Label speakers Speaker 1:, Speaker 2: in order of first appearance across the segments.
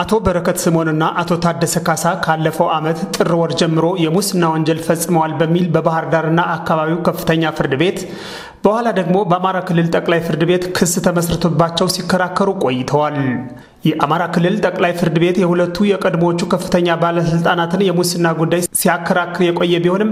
Speaker 1: አቶ በረከት ስምኦንና አቶ ታደሰ ካሳ ካለፈው ዓመት ጥር ወር ጀምሮ የሙስና ወንጀል ፈጽመዋል በሚል በባህር ዳርና አካባቢው ከፍተኛ ፍርድ ቤት በኋላ ደግሞ በአማራ ክልል ጠቅላይ ፍርድ ቤት ክስ ተመስርቶባቸው ሲከራከሩ ቆይተዋል። የአማራ ክልል ጠቅላይ ፍርድ ቤት የሁለቱ የቀድሞዎቹ ከፍተኛ ባለስልጣናትን የሙስና ጉዳይ ሲያከራክር የቆየ ቢሆንም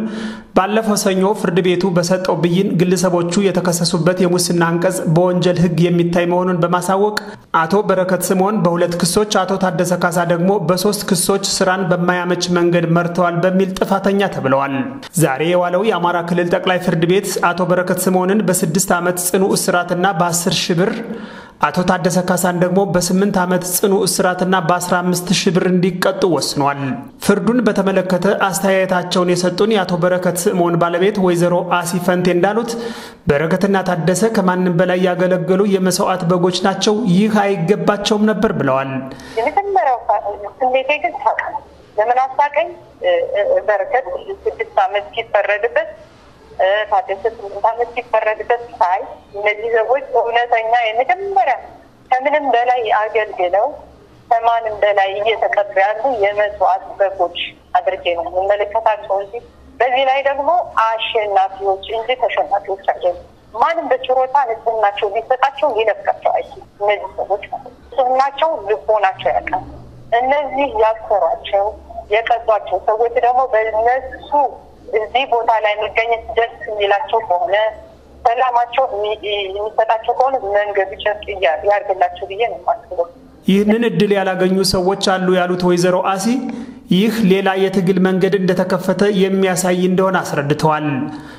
Speaker 1: ባለፈው ሰኞ ፍርድ ቤቱ በሰጠው ብይን ግለሰቦቹ የተከሰሱበት የሙስና አንቀጽ በወንጀል ሕግ የሚታይ መሆኑን በማሳወቅ አቶ በረከት ስምዖን በሁለት ክሶች፣ አቶ ታደሰ ካሳ ደግሞ በሶስት ክሶች ስራን በማያመች መንገድ መርተዋል በሚል ጥፋተኛ ተብለዋል። ዛሬ የዋለው የአማራ ክልል ጠቅላይ ፍርድ ቤት አቶ በረከት ስምዖንን በስድስት ዓመት ጽኑ እስራትና በአስር ሺህ ብር አቶ ታደሰ ካሳን ደግሞ በስምንት ዓመት ጽኑ እስራትና በ15 ሺህ ብር እንዲቀጡ ወስኗል። ፍርዱን በተመለከተ አስተያየታቸውን የሰጡን የአቶ በረከት ስምዖን ባለቤት ወይዘሮ አሲፈንቴ እንዳሉት በረከትና ታደሰ ከማንም በላይ ያገለገሉ የመስዋዕት በጎች ናቸው። ይህ አይገባቸውም ነበር ብለዋል።
Speaker 2: የመጀመሪያው ስሜቴ ግን ለምን አሳቀኝ? በረከት ስድስት ዓመት ሲፈረድበት ታደሰት ዓመት ሲፈረድበት ሳይ እነዚህ ሰዎች እውነተኛ የመጀመሪያ ከምንም በላይ አገልግለው ከማንም በላይ እየተቀጡ ያሉ የመስዋዕት በጎች አድርጌ ነው የምመለከታቸው እንጂ በዚህ ላይ ደግሞ አሸናፊዎች እንጂ ተሸናፊዎች አይደሉም። ማንም በችሮታ ንጽህናቸው እነዚህ ሰዎች ንጽህናቸው ልቦናቸው ያውቃል። እነዚህ ያሰሯቸው ሰዎች ደግሞ በነሱ እዚህ ቦታ ላይ መገኘት ደስ የሚላቸው ከሆነ ሰላማቸው የሚሰጣቸው ከሆነ መንገዱ ጨርቅ ያርግላቸው ብዬ ነው የማስበው።
Speaker 1: ይህንን እድል ያላገኙ ሰዎች አሉ ያሉት ወይዘሮ አሲ ይህ ሌላ የትግል መንገድ እንደተከፈተ የሚያሳይ እንደሆነ አስረድተዋል።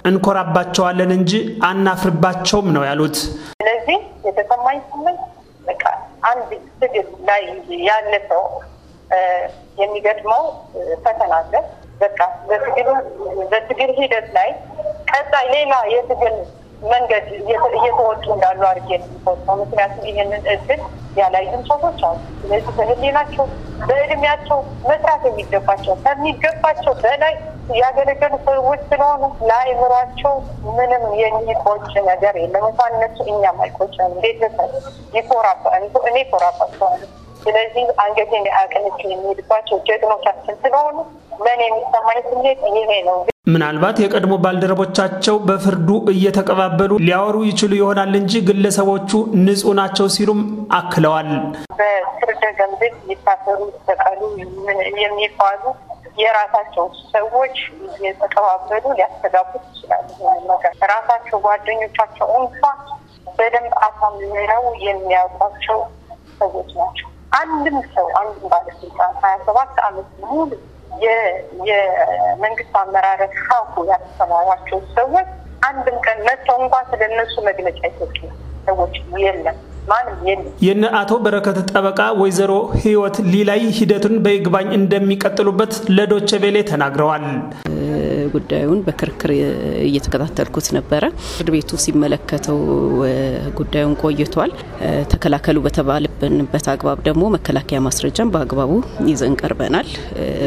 Speaker 1: እንኮራባቸዋለን እንጂ አናፍርባቸውም ነው ያሉት።
Speaker 2: ስለዚህ የተሰማኝ ስሜት በቃ አንድ ትግል ላይ ያለ ሰው የሚገጥመው ፈተና አለ በቃ በትግል ሂደት ላይ ቀጣይ ሌላ የትግል መንገድ እየተወጡ እንዳሉ አድርጌ ነው። ምክንያቱም ይህንን እድል ያላዩም ሰዎች አሉ። ስለዚህ በህሊናቸው በእድሜያቸው መስራት የሚገባቸው ከሚገባቸው በላይ ያገለገሉ ሰዎች ስለሆኑ ለአእምሯቸው ምንም የሚቆጭ ነገር የለም። እንኳን እነሱ እኛም አይቆጭም። ቤተሰብ ይኮራባ እኔ ይኮራባቸዋለሁ ስለዚህ አንገቴ እንዳያቀንስ የሚሄድባቸው ጀግኖቻችን ስለሆኑ ለእኔ የሚሰማኝ ስሜት ይሄ ነው።
Speaker 1: ምናልባት የቀድሞ ባልደረቦቻቸው በፍርዱ እየተቀባበሉ ሊያወሩ ይችሉ ይሆናል እንጂ ግለሰቦቹ ንጹህ ናቸው ሲሉም አክለዋል። በፍርደ
Speaker 2: ገምድል ሊታሰሩ ተቀሉ የሚባሉ የራሳቸው ሰዎች እየተቀባበሉ ሊያስተጋቡት ይችላሉ። ራሳቸው ጓደኞቻቸው እንኳ በደንብ አሳምነው የሚያውቋቸው ሰዎች ናቸው። አንድም ሰው አንድም ባለስልጣን ሀያ ሰባት አመት ሙሉ የመንግስት አመራረ ሻኩ ያሰማሯቸው ሰዎች አንድም ቀን መጥተው እንኳ ስለነሱ መግለጫ ይሰጡ ሰዎች የለም።
Speaker 1: የነ አቶ በረከት ጠበቃ ወይዘሮ ህይወት ሊላይ ሂደቱን በይግባኝ እንደሚቀጥሉበት ለዶቸቤሌ ተናግረዋል።
Speaker 3: ጉዳዩን በክርክር እየተከታተልኩት ነበረ። ፍርድ ቤቱ ሲመለከተው ጉዳዩን ቆይቷል። ተከላከሉ በተባልብንበት አግባብ ደግሞ መከላከያ ማስረጃን በአግባቡ ይዘን ቀርበናል።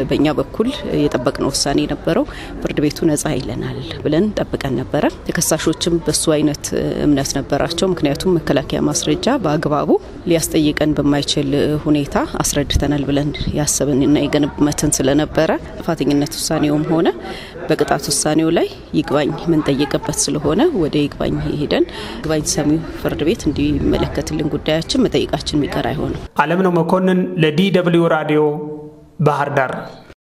Speaker 3: በእኛ በኩል የጠበቅነው ውሳኔ የነበረው ፍርድ ቤቱ ነጻ ይለናል ብለን ጠብቀን ነበረ። ተከሳሾችም በሱ አይነት እምነት ነበራቸው። ምክንያቱም መከላከያ ማስረጃ በአግባቡ ሊያስጠይቀን በማይችል ሁኔታ አስረድተናል ብለን ያሰብንና የገንብመትን ስለነበረ በጥፋተኝነት ውሳኔውም ሆነ በቅጣት ውሳኔው ላይ ይግባኝ የምንጠይቅበት ስለሆነ ወደ ይግባኝ ሄደን ይግባኝ ሰሚ ፍርድ ቤት እንዲመለከትልን ጉዳያችን መጠየቃችን የሚቀር አይሆንም።
Speaker 1: አለም ነው መኮንን ለዲ ደብልዩ ራዲዮ ባህር ዳር